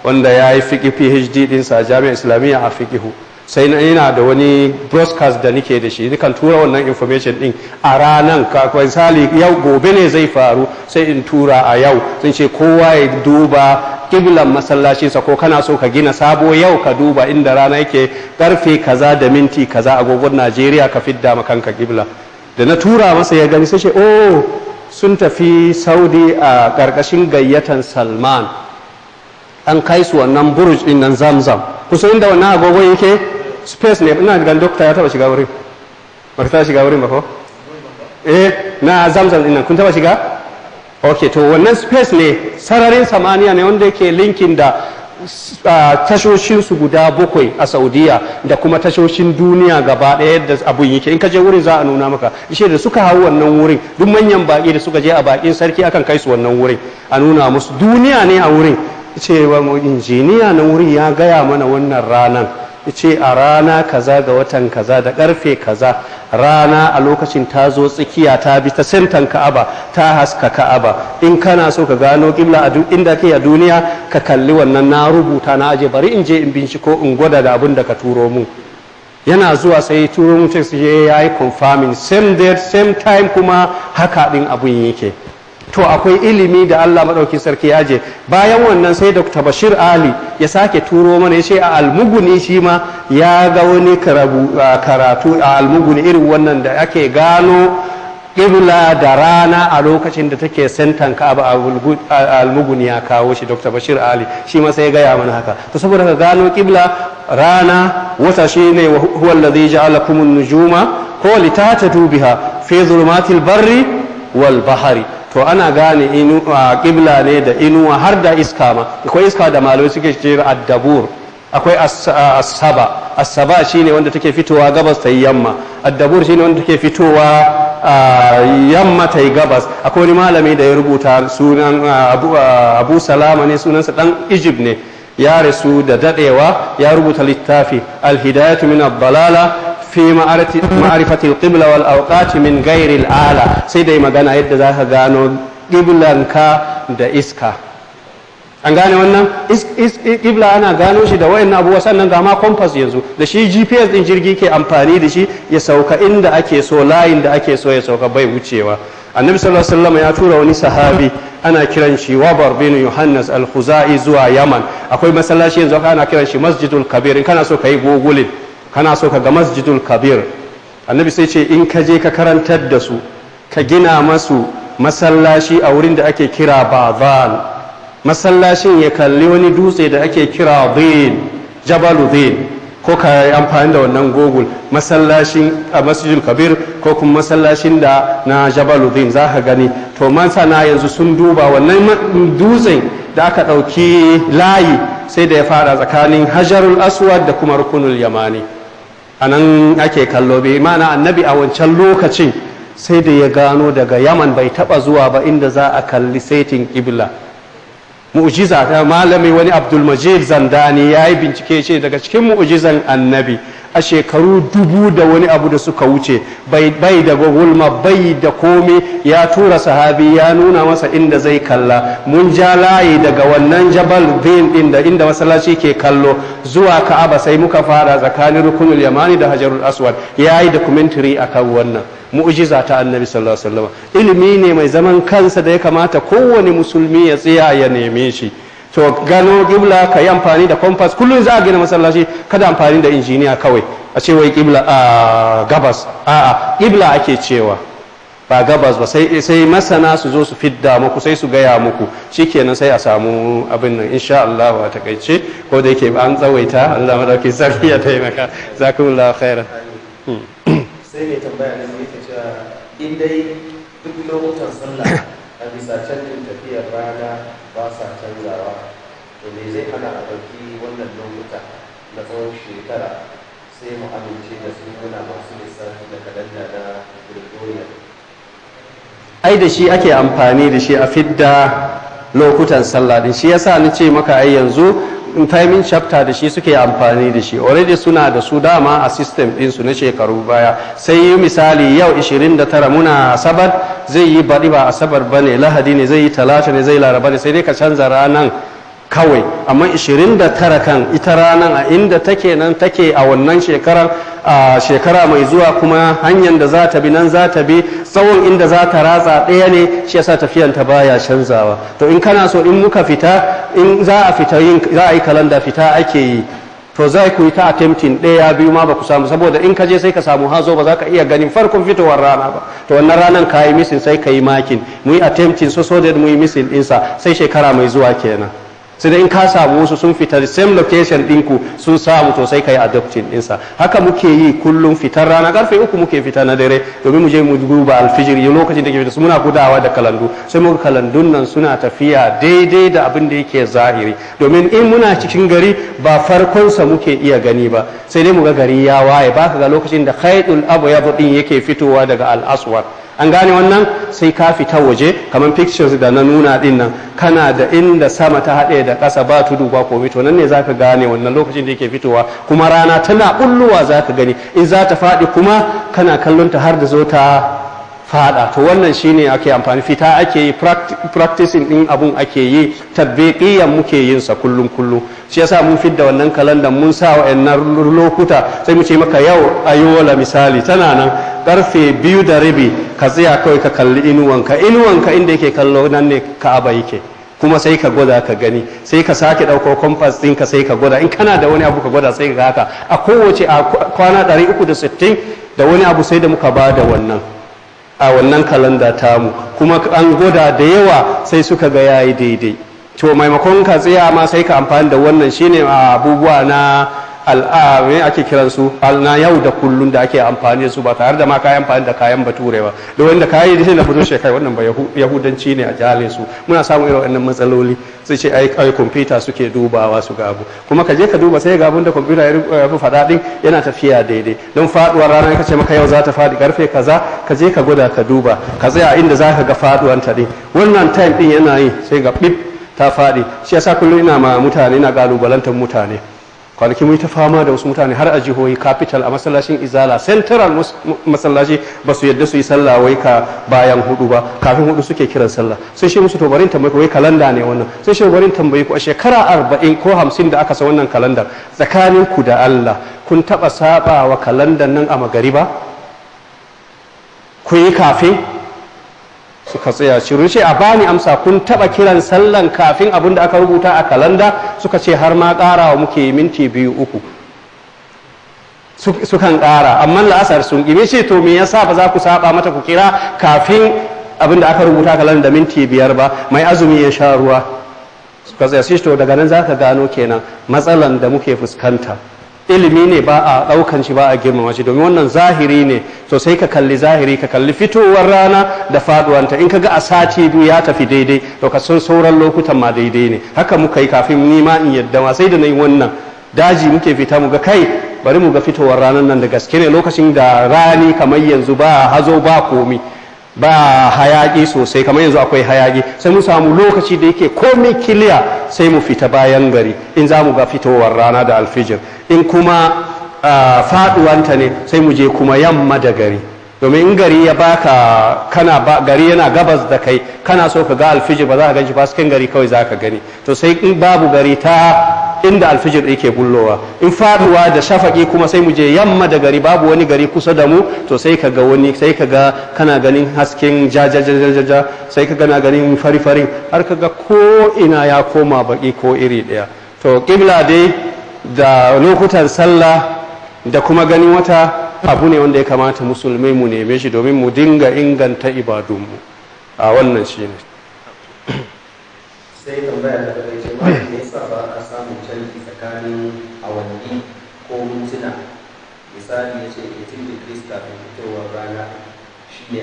wanda ya yi fiki phd ɗinsa a jami'ar islamiyya a hu sai na yana da wani broadcast da nike da shi kan tura wannan information din a ranan kawai misali yau gobe ne zai faru sai in tura a yau sun ce kowa ya duba kiblan masallacinsa ko kana so ka gina sabo yau ka duba inda rana yake karfe kaza da minti kaza agogon najeriya ka fidda makanka kibla da na tura masa ya gani sai ce oh sun tafi saudi a ƙarƙashin gayyatan salman an kai su wannan buruj din nan zamzam kusa inda wannan agogo yake space ne ina ga dokta ya taba shiga wurin ba ta shiga wurin ba ko eh na zamzam din nan kun taba shiga ok to wannan space ne sararin samaniya ne wanda yake linkin da su guda bakwai a saudiya da kuma tashoshin duniya gaba ɗaya yadda abun yake in ka je wurin za a nuna maka ishe da suka hau wannan wurin duk manyan baƙi da suka je a baƙin sarki akan kai su wannan wurin a nuna musu duniya ne a wurin cewa injiniya na wurin ya gaya mana wannan ranan ce a rana kaza ga watan kaza da karfe kaza rana a lokacin ta zo tsakiya ta bi ta sentan ka'aba ta haska ka'aba in kana so ka gano kibla a duk inda ke a duniya ka kalli wannan na rubuta na aje bari in je in binciko in gwada da abin da ka turo mu. yana zuwa sai turo su sai ya yi confirming same date same time kuma haka din abun yake to akwai ilimi da Allah maɗauki sarki ya je bayan wannan sai Dr. Bashir Ali ya sake turo mana ya ce a almuguni shi ma ya ga wani karatu a almuguni irin wannan da ake gano ƙibla da rana a lokacin da take sentan ka ba almuguni ya kawo shi dr bashir ali shi ma sai gaya mana haka to saboda ka gano ƙibla rana wata shi ne huwa allazi ja'ala nujuma ko litatadu biha fi zulumatil barri wal bahari to ana gane a Kibla ne da inuwa har da iska ma akwai iska da malamai suke jera addabur akwai asaba asaba shine wanda take fitowa gabas ta yamma addabur shine wanda take fitowa yamma ta gabas akwai wani malami da ya rubuta sunan abu salama ne sunansa dan Ijib ne ya rasu da dadewa ya rubuta littafi alhidayatu min balala fi ma'arifatil qibla wal awqati min ghairi ala sai dai magana yadda za ka gano qiblanka da iska an gane wannan qibla ana gano shi da wayannan abuwa sannan ga ma compass yanzu da shi GPS din jirgi ke amfani da shi ya sauka inda ake so layin da ake so ya sauka bai wucewa annabi sallallahu alaihi wasallam ya tura wani sahabi ana kiran shi wabar bin yohannes al-khuzai zuwa yaman akwai masallaci yanzu ana kiran shi masjidul kabir in kana so kai gogulin kana so ka ga masjidul kabir annabi sai ce in ka je ka karantar da su ka gina masu masallaci a wurin da ake kira bazan masallacin ya kalli wani dutse da ake kira zin jabalu zin ko ka yi amfani da wannan google masallacin a masjidul kabir ko kuma masallacin da na jabalu zin za ka gani to masana yanzu sun duba wannan dutsen da aka ɗauki layi sai da ya fara tsakanin hajarul aswad da kuma rukunul yamani a nan ake kallo bai mana annabi a wancan lokacin sai da ya gano daga yaman bai taba zuwa ba inda za a kalli saitin kibla mu'ujiza ta malami wani abdulmajid zandani ya yi bincike ce daga cikin mu'ujizan annabi a shekaru dubu da wani abu da suka wuce bai da gulma bai da komai ya tura sahabi ya nuna masa inda zai kalla mun ja layi daga wannan jabal bin din da inda masallaci ke kallo zuwa ka'aba sai muka fara tsakanin rukunul yamani da hajarul aswad Ya yayi documentary akan wannan mu'jiza ta annabi sallallahu alaihi wasallam ilimi ne mai zaman kansa da ya kamata kowane musulmi ya tsaya ya neme shi to gano kibla ka yi amfani da compass kullum za a gina masallaci kada amfani da injiniya kawai a ce wai kibla a gabas a'a kibla ake cewa ba gabas ba sai masana su zo su fidda muku sai su gaya muku shikenan sai a samu abin nan insha Allah a takaice ko da yake an tsawaita Allah madauki sarki ya taimaka zakumullah khairan hmm. sai ne tambaya ne yake cewa in dai duk lokutan sallah bisa canjin tafiyar rana ba sa canzawa to me zai hana a ɗauki wannan lokuta na tsawon shekara sai mu amince da su muna masu lissafi da kalanda na gregorian ai da shi ake amfani da shi a fidda lokutan sallah din shi yasa ni ce maka ai yanzu timing chapter da shi suke amfani da shi already suna da su dama a system ɗinsu na shekaru baya sai yi misali yau 29 muna asabar zai yi baɗi ba asabar ba ne lahadi ne zai yi talata ne zai laraba ne sai dai ka canza ranar kawai amma 29 kan ita ranar a inda take nan take a wannan shekarar a shekara mai zuwa kuma hanyar da za ta bi nan za ta bi tsawon inda za ta ratsa ɗaya ne shi yasa tafiyan ta baya canzawa to in kana so in muka fita in za a fita yin za a yi kalanda fita ake yi to za ku yi ta attempting ɗaya biyu ma ba ku samu saboda in ka je sai ka samu hazo ba za ka iya ganin farkon fitowar rana ba to wannan ranar ka yi misin sai ka yi makin mu yi attempting so so da mu yi misin ɗinsa sai shekara mai zuwa kenan sai da in ka samu wasu sun fita same location ɗinku sun samu to sai ka yi adopting ɗinsa haka muke yi kullum fitar rana karfe uku muke fita na dare domin mu je mu duba alfijir yi lokacin da ke fita muna gudawa da kalandu sai muka kalandun nan suna tafiya daidai da abin da yake zahiri domin in muna cikin gari ba farkonsa muke iya gani ba sai dai mu ga gari ya waye baka ga lokacin da khaidul abu ya yake fitowa daga al aswar an gane wannan sai ka fita waje kamar pictures da na nuna din nan kana da inda sama ta haɗe da ƙasa ba tudu ba komai to nan ne za ka gane wannan lokacin da yake fitowa kuma rana tana za ka gani in za ta faɗi kuma kana kallon ta har da zo ta fada to wannan shine ake amfani fita ake yi practicing din abun ake yi tabbiqiyan muke yin sa kullun kullum shi yasa mun fidda wannan kalandar mun sa wa'annan lokuta sai mu ce maka yau ayola misali tana nan karfe biyu da rabi ka tsaya kawai ka kalli inuwanka inuwanka inda yake kallo nan ne ka'aba yake kuma sai ka gwada ka gani sai ka sake compass din ka sai ka gwada in kana da wani abu ka gwada sai ka haka a kowace a kwana 360 da wani abu sai da muka ba da wannan a wannan kalanda tamu kuma an gwada da yawa sai suka ga yayi daidai to maimakon ka tsaya ma sai ka amfani da wannan shine ah, abubuwa na al'ame ake kiransu na yau da kullun da ake amfani da su ba tare da ma kayan amfani da kayan bature ba da wanda kayan da na fito shekai wannan ba yahudanci ne a jale su muna samun irin wannan matsaloli sai ce ai ai kwamfuta suke dubawa su gabu kuma ka je ka duba sai gabun da kwamfuta ya rufe fada yana tafiya daidai don faduwar rana ka ce maka yau za ta fadi karfe kaza ka je ka gwada ka duba ka tsaya inda za ka ga faduwar ta din wannan time din yana yi sai ga bip ta faɗi shi yasa kullum ina ma mutane ina galubalantar mutane kwanaki mun ta fama da wasu mutane har a jihohi capital a masallacin izala central masallaci ba su yadda su yi sallah wai ka bayan hudu ba kafin hudu suke kiran sallah sai shi musu tobarin tambayi wai kalanda ne wannan sai shi tobarin tambayi ku a shekara arba'in ko hamsin da aka sa wannan kalandar tsakanin ku da allah kun taba saba wa kalandar nan a ba ku yi kafin suka tsaya shiru ce a bani amsa kun taba kiran sallan kafin abin da aka rubuta a kalanda suka ce har ma wa muke minti biyu uku sukan kara amma la'asar sun ƙi ce to me yasa ba za ku saba mata ku kira kafin abin da aka rubuta a kalanda minti biyar ba mai azumi ya sha ruwa suka tsaya shi to daga nan za ka gano kenan matsalan da muke fuskanta ilimi ne ba a ɗaukan shi ba a girmama shi domin wannan zahiri ne to sai ka kalli zahiri ka kalli fitowar rana da faduwanta in ka ga a sati biyu ya tafi daidai to ka san sauran lokutan ma daidai ne haka muka yi kafin ni ma in yadda ma sai da na wannan daji muke fita mu ga kai bari mu ga fitowar ranar nan da gaske ne lokacin da rani kamar yanzu ba hazo ba komi ba hayaki sosai kamar yanzu akwai hayaki sai mu samu lokaci da yake komai kiliya sai mu fita bayan gari in za mu ga fitowar rana da alfijir in kuma ah, faduwanta ne sai mu je kuma yamma da gari domin in gari ya baka kana ba gari yana gabas da kai kana so ka ga alfijir ba za ka ganshi ba cikin gari kawai za ka gani to sai in babu gari ta inda alfijir yake bullowa in faduwa da shafaki kuma sai mu je yamma da gari babu wani gari kusa da mu to sai ka ga wani sai ka ga kana ganin hasken jajajajaja sai ka gana ganin fari-farin har ka ga ko ina ya koma baki ko iri ɗaya to kibla dai da lokutan sallah da kuma ganin wata abu ne wanda ya kamata musulmai mu neme shi domin mu dinga inganta ibadunmu a wannan shi ne sai tambaya da bai jama'a ne yasa ba a samun canji tsakanin awanni ko mintuna misali ya ce da degrees kafin fitowar rana shi ne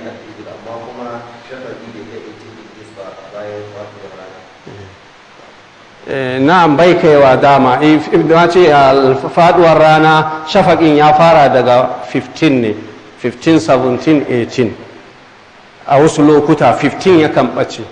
Eh, na'am bai kaiwa dama na ce ah, faduwar rana shafaƙin ya fara daga 15 ne 15 17 18 a wasu lokuta 15 ya kan ɓace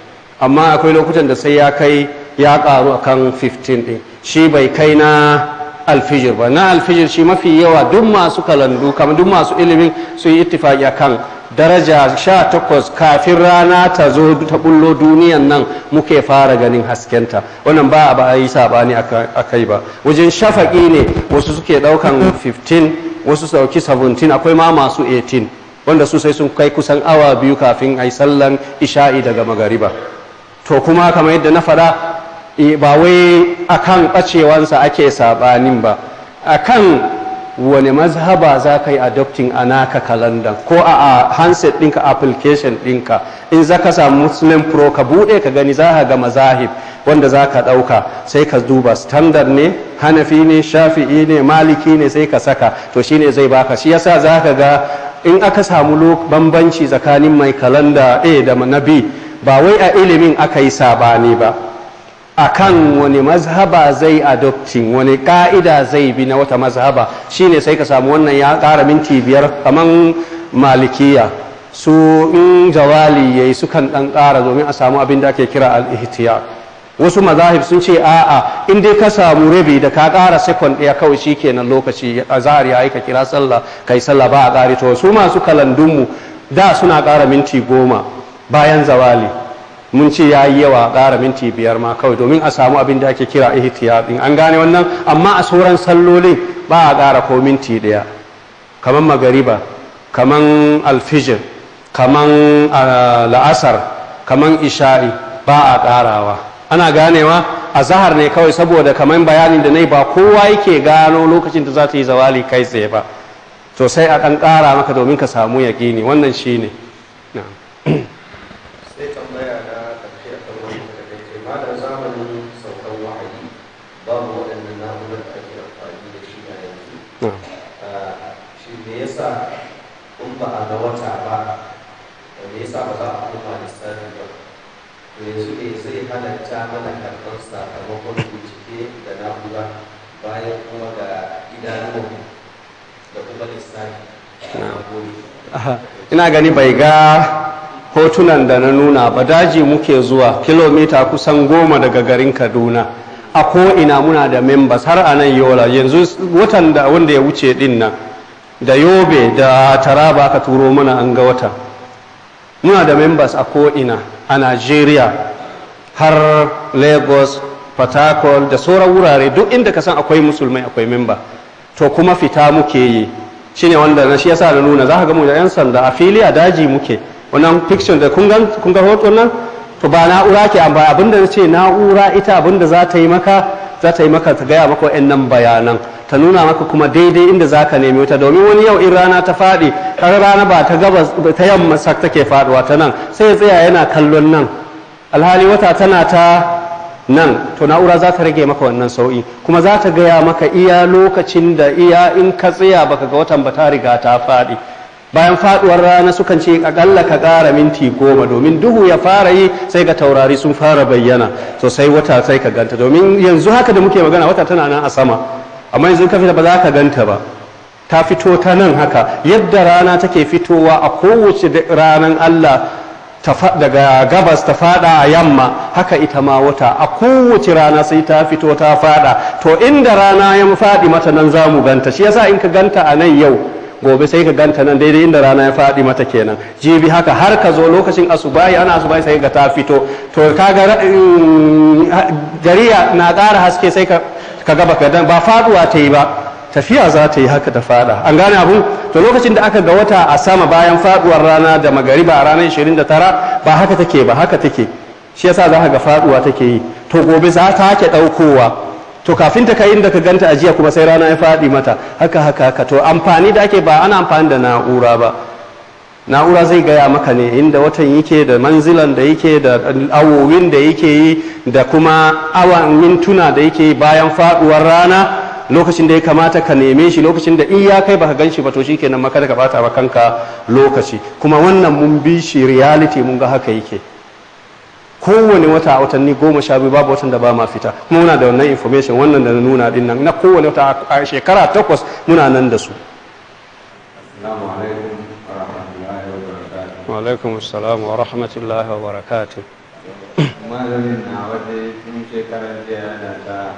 amma akwai lokutan da sai ya kai ya ƙaru a kan 15 ɗin shi bai kai na alfijir ba na alfijir shi mafi yawa duk masu kalandu kamar duk masu ilimin su yi ittifaki a kan daraja sha takwas kafin rana ta zo ta bullo duniyan nan muke fara ganin haskenta wannan ba a ba yi sabani a kai ba wajen shafaƙi ne wasu suke ɗaukan 15 wasu sauki 17 akwai ma masu 18 wanda su sai sun kai kusan awa biyu kafin a yi sallan isha'i daga magariba to kuma kamar yadda na faɗa ba wai akan ɓacewansa ake saɓanin ba akan Wani mazhaba za ka yi adopting a naka kalanda ko a handset ɗinka application ɗinka in za ka samu muslim pro ka buɗe ka gani za ka ga mazahib wanda za ka ɗauka sai ka duba standard ne hanafi ne shafi'i ne maliki ne sai ka saka to shi ne zai baka shi yasa za ka ga in aka samu bambanci tsakanin mai kalanda a da na b ba wai a ilimin aka yi sabani ba a kan wani mazhaba zai adoptin wani ka'ida zai bi na wata mazhaba shine sai ka samu wannan ya ƙara minti biyar kamar malikiya su in jawali ya yayi sukan ɗan ƙara domin a samu abin da ake kira al wasu mazahib sun ce a'a in dai ka samu rabi da ka ƙara sekon ɗaya kawai shi kenan lokaci ya yi ka kira sallah kai sallah ba a ƙari to su masu kalandunmu da suna ƙara minti goma bayan zawali mun ce ya yi yawa ƙara minti biyar ma kawai domin a samu abin da ake kira in an gane wannan amma a sauran sallolin ba a ƙara ko minti ɗaya kaman magariba kaman alfijir kaman la'asar kaman isha'i ba a ƙarawa ana ganewa a zahar ne kawai saboda kaman bayanin da na ba kowa yake gano lokacin da za ta yi zawali kai tsaye ba sosai a ɗan ƙara maka domin ka samu yaƙini wannan shine ne ta mana bincike da bayan kuma da kuma ina gani bai ga hotunan da na nuna ba daji muke zuwa kilomita kusan goma daga garin kaduna a ko'ina muna da membas har a nan yola yanzu watan da wanda ya wuce din nan da yobe da taraba ka turo mana an ga wata muna da membas a ko'ina a najeriya har lagos Patakon da sauran wurare duk inda ka san akwai musulmai akwai memba to kuma fita muke yi shine wanda na shi yasa na nuna za ka ga da yan sanda a fili a daji muke wannan fiction da kun ga hoton nan to ba na'ura ke amma abinda na ce na'ura ita abinda za ta yi maka za ta yi maka ta gaya maka wa'in nan bayanan ta nuna maka kuma daidai inda za ka nemi wuta domin wani yau in rana ta faɗi har rana ba ta gabas ta yamma take faɗuwa ta nan sai ya tsaya yana kallon nan alhali wata tana ta nan to na'ura za ta rage maka wannan sau'i kuma za ta gaya maka iya lokacin da iya in ka tsaya baka ga watan ba ta riga ta faɗi bayan faɗuwar rana sukan ce akalla ka ƙara minti goma domin duhu ya fara yi sai ga taurari sun fara bayyana to sai wata sai ka ganta domin yanzu haka da muke magana wata tana nan a sama amma yanzu ka fita ba za ka ganta ba ta fito ta nan haka yadda rana take fitowa a kowace ranar Allah daga gabas ta fada a yamma haka ita ma wata a kowace rana sai ta fito ta fada to inda rana ya faɗi mata nan za mu ganta shi yasa in ka ganta a nan yau gobe sai ka ganta nan daidai inda rana ya faɗi mata kenan jibi haka har ka zo lokacin asubahi ana asubahi sai ga ta fito to ka gari na ƙara haske sai ka gaba ka ba faduwa ta yi ba tafiya za ta yi haka ta fada an gane abu to lokacin da aka ga wata a sama bayan faduwar rana da magariba a ranar 29 ba haka take ba haka take shi yasa za ka ga faduwa take yi to gobe za ta ke daukowa to kafin ta kai inda ka ganta a jiya kuma sai rana ya fadi mata haka haka haka to amfani da ake ba ana amfani da na'ura ba na'ura zai gaya maka ne inda watan yake da manzilan da yake da awowin da yake yi da kuma awan mintuna da yake bayan faduwar rana lokacin da ya kamata ka neme shi lokacin da in ya kai baka gan shi ba to shikenan maka da ka bata ba kanka lokaci kuma wannan mun bi shi reality mun ga haka yake kowane wata a watanni goma sha biyu babu watan da ba ma fita kuma muna da wannan information wannan da nuna din nan na kowane wata a shekara takwas muna nan da su alaikum wa rahmatullahi wa malamin na wadda sun jiya da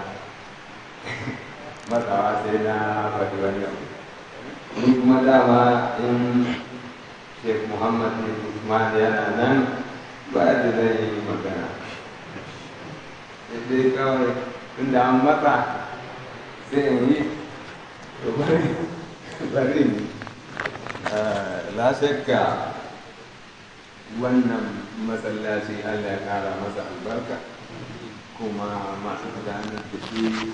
matsawa sai na faɗi abu ni kuma dama in sheikh muhammad ne usman yana nan ba da zai yi magana sai kawai inda an matsa sai in yi bari eh, la shakka wannan masallaci allah ya kara masa albarka kuma masu gudanar da shi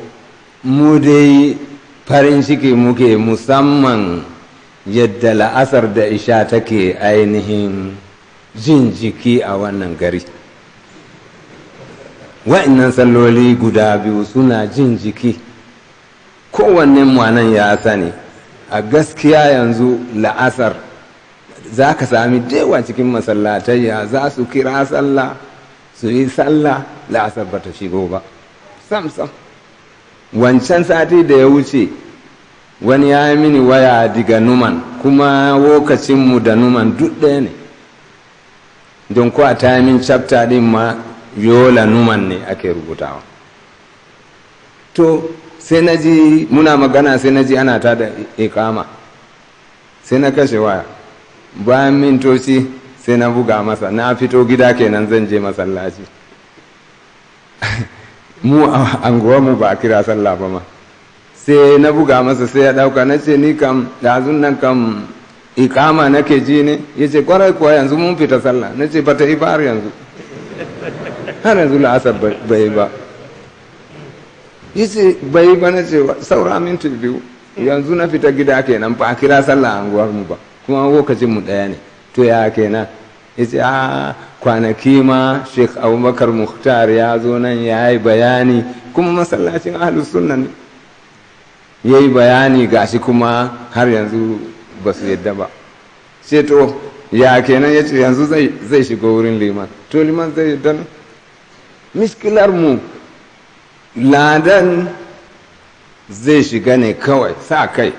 mu dai farin ciki muke musamman yadda la'asar da isha take ainihin jin jiki a wannan gari wa'annan salloli guda biyu suna jin jiki kowanne nan ya sani a gaskiya yanzu la'asar za ka sami dewa cikin masallatayya za su kira sallah su yi sallah la'asar ba ta shigo ba sam sam wancan sati da ya wuce wani ya yi mini waya daga numan kuma lokacinmu da numan duk ɗaya ne don ko a tayamin chapta ɗin ma yola numan ne ake rubutawa to sai na ji muna magana sai na ji ana ta da ikama sai na kashe waya bayan mintoci sai na buga masa na fito gida kenan zan je masallaci mu a mu ba a kira sallah ba ma sai na buga masa sai ya ɗauka na ce ni kam azun nan kam ikama nake ji ne ya ce kwarai kuwa yanzu mun fita sallah na ce ba ta yi ba har yanzu har yanzu la'asar bai ba ya ce bai ba na ce saura mintu biyu yanzu na fita gida kenan ba a kira sallah anguwar mu ba kuma lokacin mu daya ne to ya kenan ya ce a kwanaki ma sheik abubakar muhtar ya zo nan ya yi bayani kuma masallacin ahalus sunna ne ya yi bayani Ga shi kuma har yanzu ba su yadda ba ce to ya kenan ya ce yanzu zai shigo wurin liman to liman zai yadda ne miskilar mu ladan zai shiga ne kawai sa kai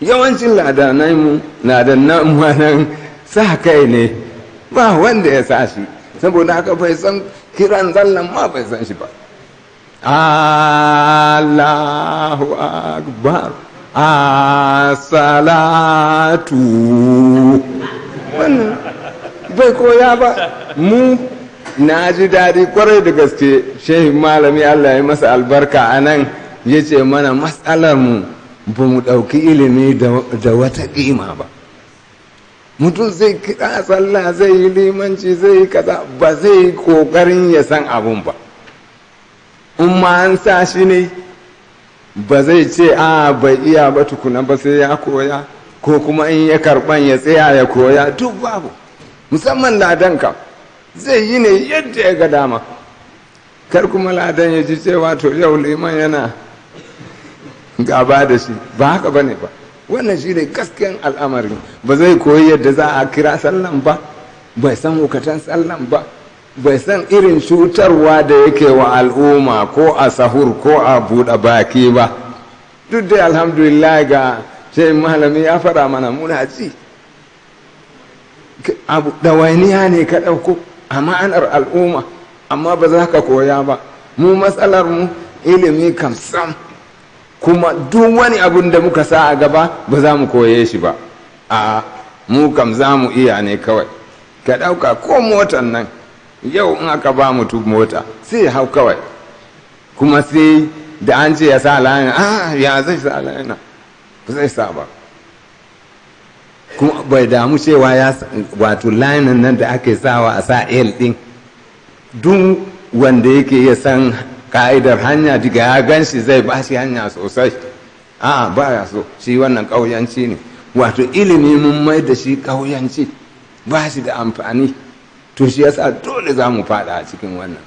yawancin ladanai mu ladan nan sa kai ne ba wanda ya sa shi saboda haka bai san kiran zallan ma bai san shi ba Allahu akbar asalatu wannan bai koya ba mu na ji daɗi kwarai da gaske shehin malami Allah ya masa albarka a nan ya ce mana matsalar mu ba mu ɗauki ilimi da wata ƙima ba mutum zai kiɗa sallah zai yi limanci zai yi kaza ba zai yi ƙoƙarin ya san abun ba in ma an sa shi ne ba zai ce a bai iya ba tukuna ba sai ya koya ko kuma in ya karɓan ya tsaya ya koya duk babu musamman ladan kam zai yi ne yadda ya ga dama kar kuma ladan ya ji cewa to yau liman yana gaba da shi ba haka ba ne ba wannan shi ne gaskiyan al'amarin ba zai koyi yadda za a kira sallan ba bai san hukatan sallan ba bai san irin cutarwa da yake wa al'umma ko a sahur ko a buɗe baki ba duk dai alhamdulillah ga sai malami ya fara mana muna ci abu ɗawainiya ne ka ɗauko a ma'anar al'umma amma ba za ka koya ba mu matsalar mu ilimi kam sam kuma duk wani abun da muka sa a gaba ba za mu koye shi ba a mu kam za mu iya ne kawai ka ɗauka ko motar nan yau in aka ba mutu mota sai hau kawai kuma sai da an ce ya sa layana a ah, ya zai sa layana ba zai sa ba kuma bai damu cewa ya wato layanan nan da ake sawa a sa l din duk wanda yake ya san ka'idar hanya diga ya gan shi zai ba shi hanya sosai a ba ya so shi wannan ƙauyanci ne wato ilimi mun mai da shi ƙauyanci ba shi da amfani to shi yasa dole za mu fada a cikin wannan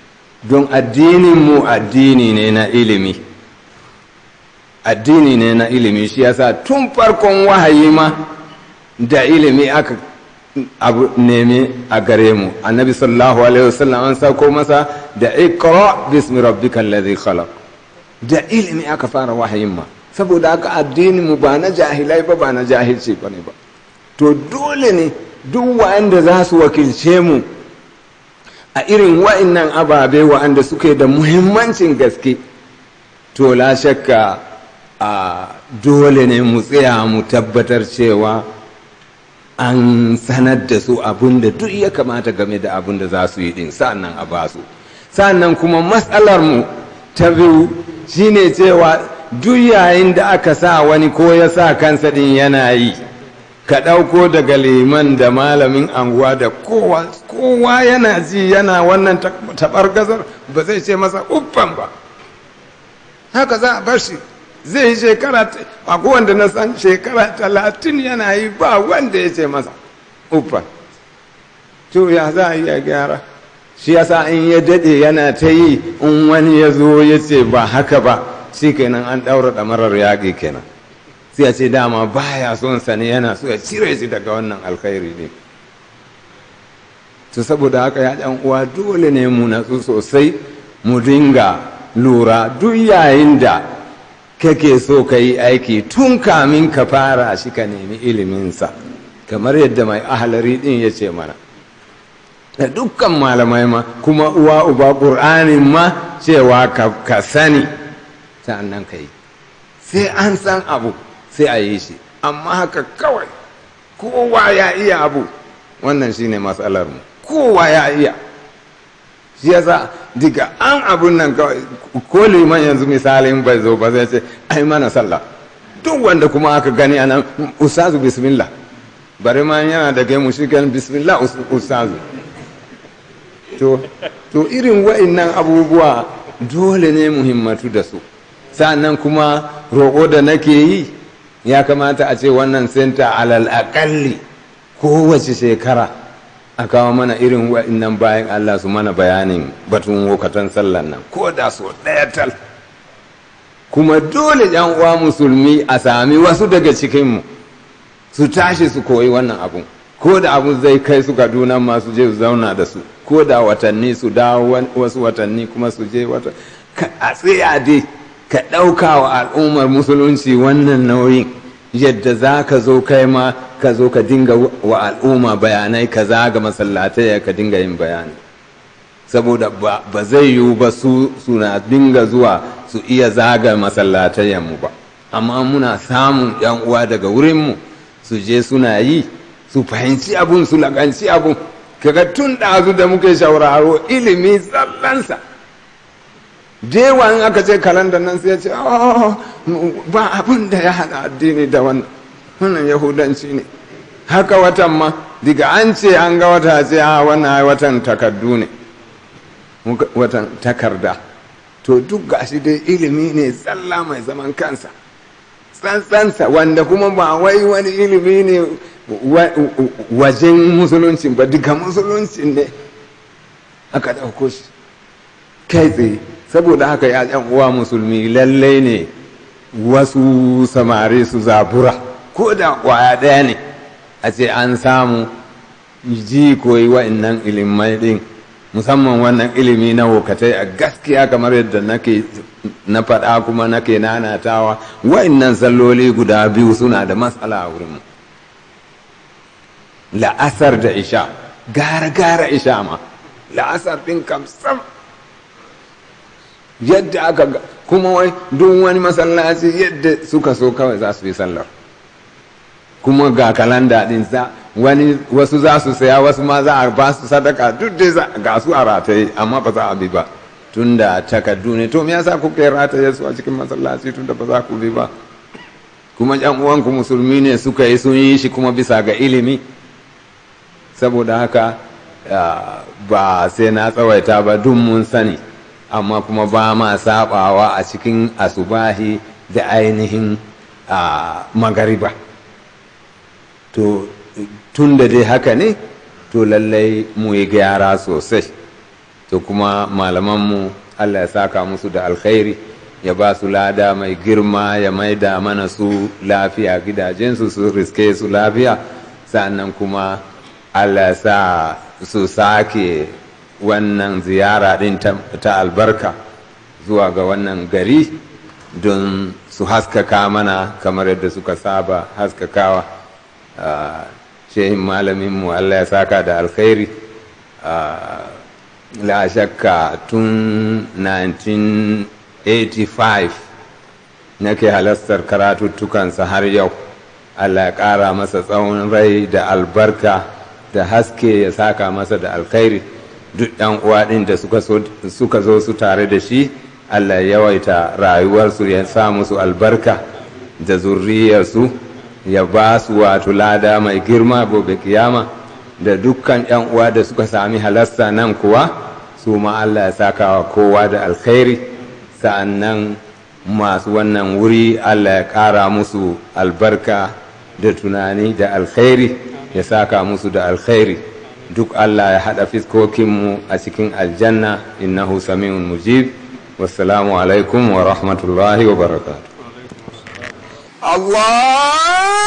don addinin mu addini ne na ilimi addini ne na ilimi shi yasa tun farkon wahayi ma da ilimi aka abu neme a gare mu annabi sallallahu alaihi wasallam an sako masa da ikra bismi rabbikal ladhi khalaq da ilimi aka fara wahayin ma saboda aka addini mu ba na jahilai ba ba na jahilci ba ne ba to dole ne duk wa'anda za su wakilce mu a irin wa'annan ababe wa'anda suke da muhimmancin gaske to la shakka dole ne mu tsaya mu tabbatar cewa an sanar da su abin da duk ya kamata game da abin da za su yi din sa'annan a basu sa'annan kuma matsalar mu ta biyu shine cewa duk yayin da aka sa wani ko ya sa kansa din yana yi ka ɗauko daga liman da malamin anguwa da kowa yana ji yana wannan tabar gazar ba zai ce masa uffan ba haka za a bar shi zai yi shekara a wanda na san shekara talatin yana yi ba wanda ya ce masa ufa to ya za a iya gyara shi yasa in ya dade yana ta yi in wani ya zo ya ce ba haka ba shi kenan an ɗaura marar yaƙi kenan sai ya ce dama baya son sa ne yana so ya cire shi daga wannan alkhairi ne to saboda haka ya ɗan uwa dole ne mu natsu sosai mu dinga lura duk yayin da kake so ka yi aiki tun kamin ka fara shi ka nemi iliminsa kamar yadda mai ahalari din ya ce mana da dukkan malamai ma kuma uwa uba ƙur'anin ma cewa ka sani nan ka yi sai an san abu sai a yi shi amma haka kawai kowa ya iya abu wannan shine matsalar mu kowa ya iya shi sa diga an abun nan kawai ko liman yanzu misalin bai zo ba zai ce ai mana sallah duk wanda kuma aka gani a nan ustazu bismillah bari ma yana da gaimu shi kan bismillah ustazu to to irin wa'annan abubuwa dole ne muhimmatu da su sannan kuma roƙo da nake yi ya kamata a ce wannan senta alal aƙalli kowace shekara a kawo mana irin wa'annan bayan Allah su mana bayanin batun wokatan sallan nan ko da so ɗaya tal kuma dole yan uwa musulmi a sami wasu daga cikinmu su tashi su koyi wannan abun ko da abun zai kai su kaduna masu je su zauna da su ko da watanni su dawo wasu watanni kuma su je wata a tsaya dai ka ɗauka wa al'ummar musulunci wannan nauyin yadda za ka zo kai ma ka zo ka dinga wa al'umma bayanai ka zaga masallatai ka dinga yin bayani saboda ba zai yiwu ba su suna dinga zuwa su iya zaga masallatayenmu ba amma muna samun yan uwa daga wurinmu su je suna yi su fahimci abun su laganci abun kaga tun ɗazu da muke shawararo ilimi tsallansa dewa in aka ce kalandar nan sai ya ce oh, ba abin da ya hada addini da wannan wannan yahudanci ne haka watan ma diga an ce an ga wata ce a ah, wannan watan takardu ne watan takarda to duk gashi dai ilimi ne tsalla mai zaman kansa tsantsansa wanda kuma ba wai wani ilimi ne wajen musulunci ba diga musulunci ne aka ɗauko shi kai tsaye saboda haka ya ɗan uwa musulmi lallai ne wasu samari su zabura ko da kwaya ɗaya ne a ce an samu ji koyi wa'annan ilimai ɗin musamman wannan ilimi na wokatai a gaskiya kamar yadda nake na faɗa kuma nake nanatawa wa'annan salloli guda biyu suna da matsala a wurin la'asar da isha gara gara isha ma la'asar ɗin kam yadda aka kuma wai duk wani masallaci yadda suka so kawai za su yi sallar kuma ga kalanda din sa wani wasu za su saya wasu ma za a ba su sadaka duk dai ga su a rataye amma ba za a bi ba tunda takardu ne to me yasa kuke rataye su a cikin masallaci tunda ba za ku bi ba kuma yan uwanku musulmi ne suka yi sun yi shi kuma bisa ga ilimi saboda haka ah, ba sai na tsawaita ba duk mun sani amma kuma ba ma sabawa a cikin asubahi da ainihin a magariba to tun da dai haka ne to lallai mu yi gyara sosai to kuma malamanmu allah ya saka musu da alkhairi ya ba su lada mai girma ya maida mana su lafiya gidajensu su riske su lafiya sannan kuma allah ya sa su sake wannan ziyara ɗin ta albarka zuwa ga wannan gari don su haskaka mana kamar yadda suka saba haskakawa ah, shehin malaminmu Allah ya saka da alkhairi ah, la shakka tun 1985 nake halastar karatuttukansa har yau Allah ya ƙara masa tsawon rai da albarka da haske ya saka masa da alkhairi duk ɗan uwa ɗin da suka zo su tare da shi allah yawaita rayuwarsu ya sa musu albarka da zurriyarsu ya ba su wato lada mai girma gobe kiyama da dukkan yan uwa da suka sami halasta nan kuwa su ma Allah ya saka wa kowa da alkhairi sa'annan masu wannan wuri Allah ya ƙara musu albarka da tunani da alkhairi ya saka musu da alkhairi duk Allah ya haɗa fiskokinmu a cikin aljanna innahu sami'un mujib wassalamu alaikum wa rahmatullahi wa barakatuh Allah